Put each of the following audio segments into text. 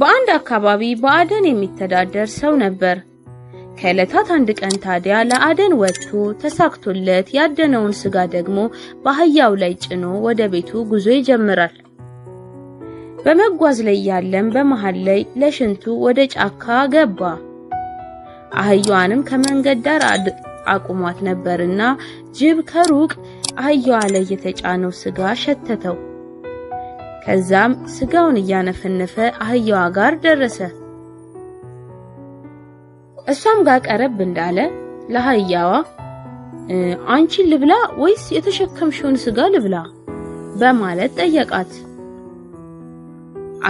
በአንድ አካባቢ በአደን የሚተዳደር ሰው ነበር። ከዕለታት አንድ ቀን ታዲያ ለአደን ወጥቶ ተሳክቶለት ያደነውን ስጋ ደግሞ በአህያው ላይ ጭኖ ወደ ቤቱ ጉዞ ይጀምራል። በመጓዝ ላይ ያለም በመሃል ላይ ለሽንቱ ወደ ጫካ ገባ። አህያዋንም ከመንገድ ዳር አቁሟት ነበርና ጅብ ከሩቅ አህያዋ ላይ የተጫነው ስጋ ሸተተው። ከዛም ስጋውን እያነፈነፈ አህያዋ ጋር ደረሰ። እሷም ጋር ቀረብ እንዳለ ለአህያዋ አንቺ ልብላ ወይስ የተሸከምሽውን ስጋ ልብላ በማለት ጠየቃት።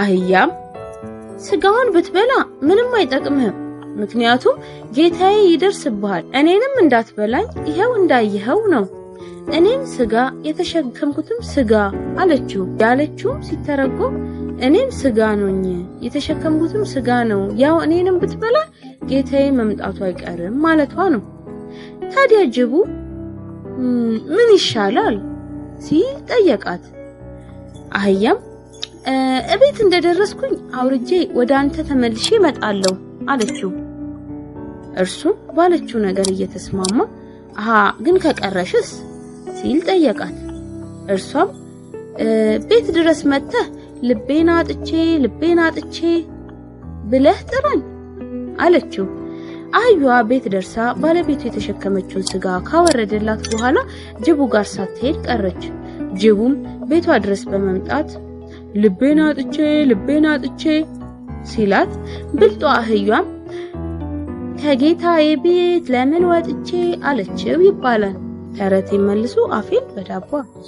አህያም ስጋውን ብትበላ ምንም አይጠቅምህም፣ ምክንያቱም ጌታዬ ይደርስብሃል፣ እኔንም እንዳትበላኝ ይኸው እንዳየኸው ነው እኔም ስጋ የተሸከምኩትም ስጋ አለችው። ያለችውም ሲተረጎም እኔም ስጋ ነኝ የተሸከምኩትም ስጋ ነው፣ ያው እኔንም ብትበላ ጌታዬ መምጣቱ አይቀርም ማለቷ ነው። ታዲያ ጅቡ ምን ይሻላል ሲል ጠየቃት። አህያም እቤት እንደደረስኩኝ አውርጄ ወደ አንተ ተመልሼ እመጣለሁ አለችው። እርሱም ባለችው ነገር እየተስማማ አሃ ግን ከቀረሽስ ሲል ጠየቃት። እርሷም ቤት ድረስ መጥተህ ልቤን አጥቼ ልቤን አጥቼ ብለህ ጥራኝ አለችው። አህያዋ ቤት ደርሳ ባለቤቱ የተሸከመችውን ስጋ ካወረደላት በኋላ ጅቡ ጋር ሳትሄድ ቀረች። ጅቡም ቤቷ ድረስ በመምጣት ልቤን አጥቼ ልቤን አጥቼ ሲላት ብልጧ አህያም ከጌታዬ ቤት ለምን ወጥቼ አለችው ይባላል። ተረቴን መልሱ አፌን በዳቦ አብሱ።